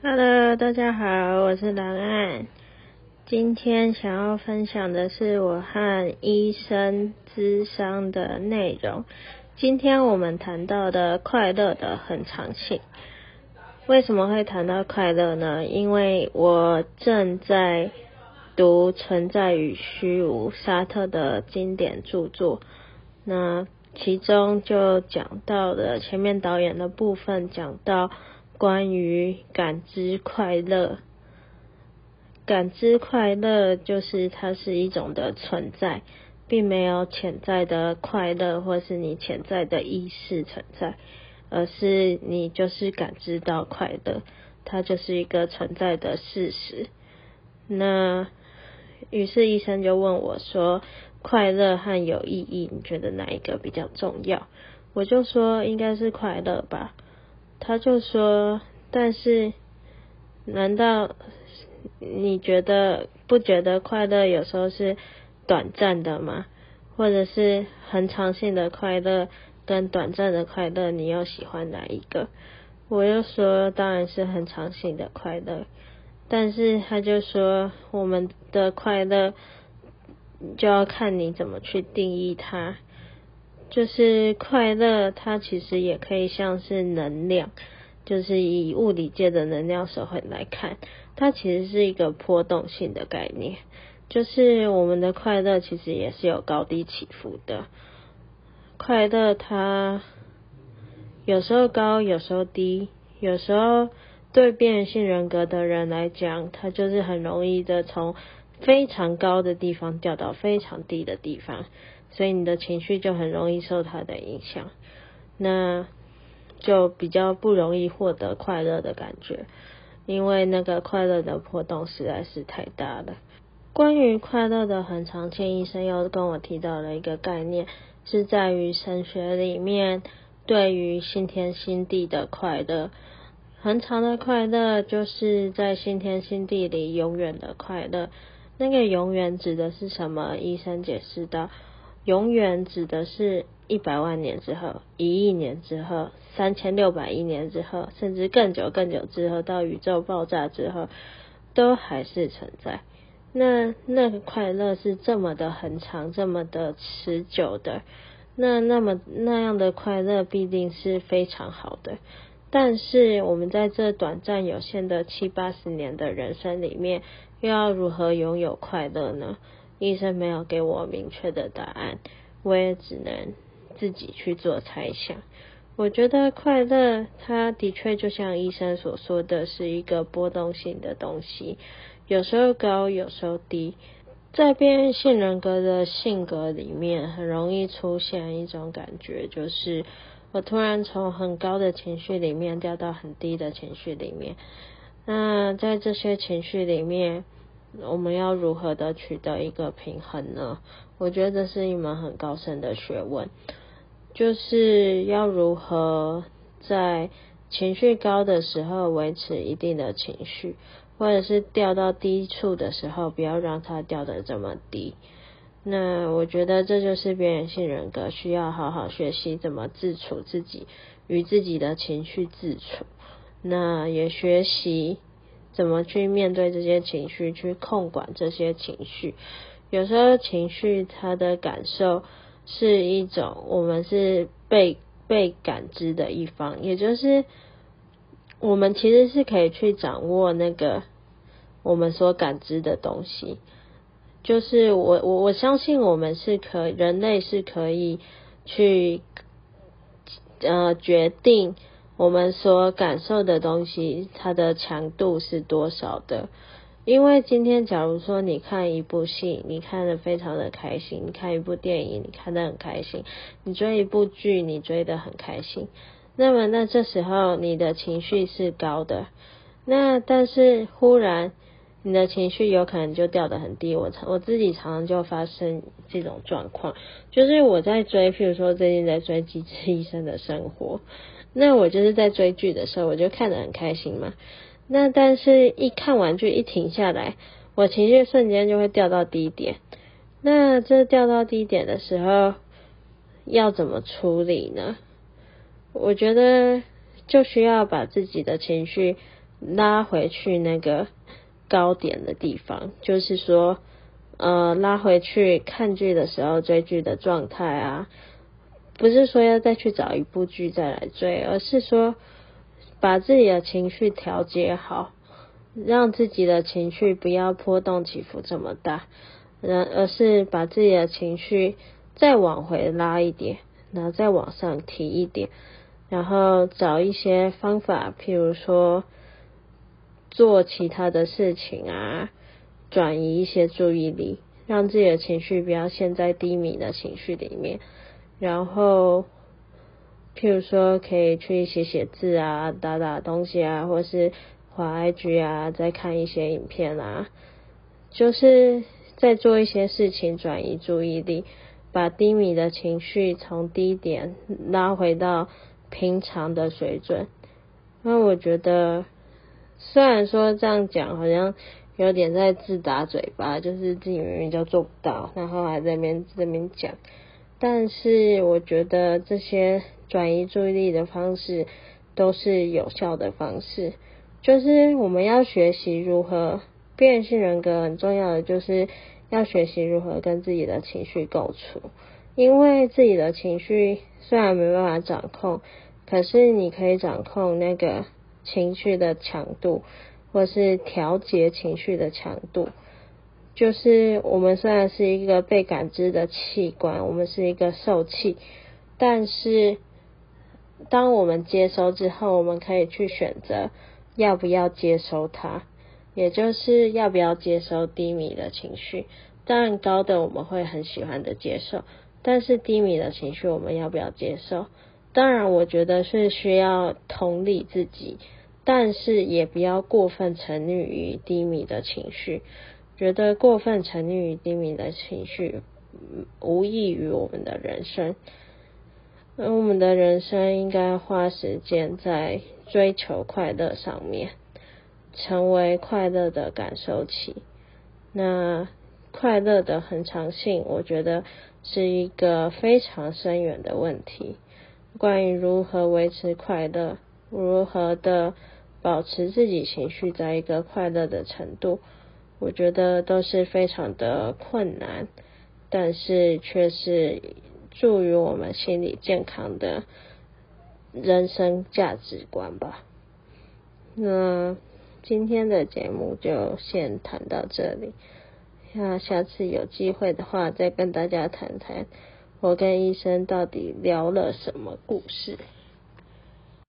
Hello，大家好，我是藍岸。今天想要分享的是我和醫生諮商的內容。今天我們談到的快樂的恆常性，為什麼會談到快樂呢？因為我正在讀《存在與虛無》沙特的經典著作，那其中就講到了前面導演的部分講到。關於感知快樂，感知快樂就是它是一種的存在，並沒有潛在的快樂或是你潛在的意識存在，而是你就是感知到快樂，它就是一個存在的事實。那於是醫生就問我說：“快樂和有意義，你覺得哪一個比較重要？”我就說：“應該是快樂吧。”他就說：“但是，難道你覺得不覺得快樂有時候是短暫的嗎？或者是恆常性的快樂跟短暫的快樂，你又喜歡哪一個？”我又說：“當然是恆常性的快樂。”但是他就說：“我們的快樂就要看你怎麼去定義它。”就是快樂，它其實也可以像是能量，就是以物理界的能量守恆來看，它其實是一個波動性的概念。就是我們的快樂其實也是有高低起伏的，快樂它有時候高，有時候低，有時候對邊緣性人格的人來講，它就是很容易的從非常高的地方掉到非常低的地方。所以你的情緒就很容易受它的影響，那就比較不容易獲得快樂的感覺，因為那個快樂的波動實在是太大了。關於快樂的恆常性，醫生又跟我提到了一個概念，是在於神學裡面對於新天新地的快樂，恆常的快樂，就是在新天新地裡永遠的快樂。那個永遠指的是什麼？醫生解釋道。永遠指的是一百萬年之後、一億年之後、三千六百億年之後，甚至更久更久之後，到宇宙爆炸之後，都還是存在。那那個快樂是這麼的很長、這麼的持久的，那那麼那樣的快樂必定是非常好的。但是我們在這短暫有限的七八十年的人生裡面，又要如何擁有快樂呢？醫生沒有給我明確的答案，我也只能自己去做猜想。我覺得快樂，它的確就像醫生所說的是一個波動性的東西，有時候高，有時候低。在邊緣性人格的性格裡面，很容易出現一種感覺，就是我突然從很高的情緒裡面掉到很低的情緒裡面。那在這些情緒裡面，我們要如何的取得一個平衡呢？我覺得這是一門很高深的學問，就是要如何在情緒高的時候維持一定的情緒，或者是掉到低處的時候，不要讓它掉得這麼低。那我覺得這就是邊緣性人格需要好好學習怎麼自處自己與自己的情緒自處，那也學習。怎麼去面對這些情緒，去控管這些情緒？有時候情緒它的感受是一種，我們是被被感知的一方，也就是我們其實是可以去掌握那個我們所感知的東西。就是我我我相信我們是可，人類是可以去呃決定。我們所感受的東西，它的強度是多少的？因為今天，假如說你看一部戲，你看得非常的開心；你看一部電影，你看得很開心；你追一部劇，你追得很開心。那麼，那這時候你的情緒是高的。那但是，忽然你的情緒有可能就掉得很低。我我自己常常就發生這種狀況，就是我在追，譬如說最近在追《機智醫生的生活》。那我就是在追劇的時候，我就看得很開心嘛。那但是，一看完劇一停下來，我情緒瞬間就會掉到低點。那這掉到低點的時候，要怎麼處理呢？我覺得就需要把自己的情緒拉回去那個高點的地方，就是說，呃，拉回去看劇的時候追劇的狀態啊。不是說要再去找一部劇再來追，而是說把自己的情緒調節好，讓自己的情緒不要波動起伏這麼大，然而是把自己的情緒再往回拉一點，然後再往上提一點，然後找一些方法，譬如說做其他的事情啊，轉移一些注意力，讓自己的情緒不要陷在低迷的情緒裡面。然後，譬如說，可以去寫寫字啊，打打東西啊，或是滑 IG 啊，再看一些影片啊，就是在做一些事情轉移注意力，把低迷的情緒從低點拉回到平常的水準。那我覺得，雖然說這樣講好像有點在自打嘴巴，就是自己明明就做不到，然後還在那邊，在那邊講。但是我覺得這些轉移注意力的方式都是有效的方式。就是我們要學習如何，邊緣性人格很重要的就是要學習如何跟自己的情緒共處。因為自己的情緒雖然沒辦法掌控，可是你可以掌控那個情緒的強度，或是調節情緒的強度。就是我們雖然是一個被感知的器官，我們是一個受器，但是當我們接收之後，我們可以去選擇要不要接收它，也就是要不要接收低迷的情緒。當然高的我們會很喜歡的接受，但是低迷的情緒我們要不要接受？當然，我覺得是需要同理自己，但是也不要過分沉溺於低迷的情緒。覺得過分沉溺於低迷的情緒，無益於我們的人生。而我們的人生應該花時間在追求快樂上面，成為快樂的感受器。那快樂的恆常性，我覺得是一個非常深遠的問題。關於如何維持快樂，如何的保持自己情緒在一個快樂的程度。我覺得都是非常的困難，但是卻是助於我們心理健康的人生價值觀吧。那今天的節目就先談到這裡，那下次有機會的話，再跟大家談談我跟醫生到底聊了什麼故事。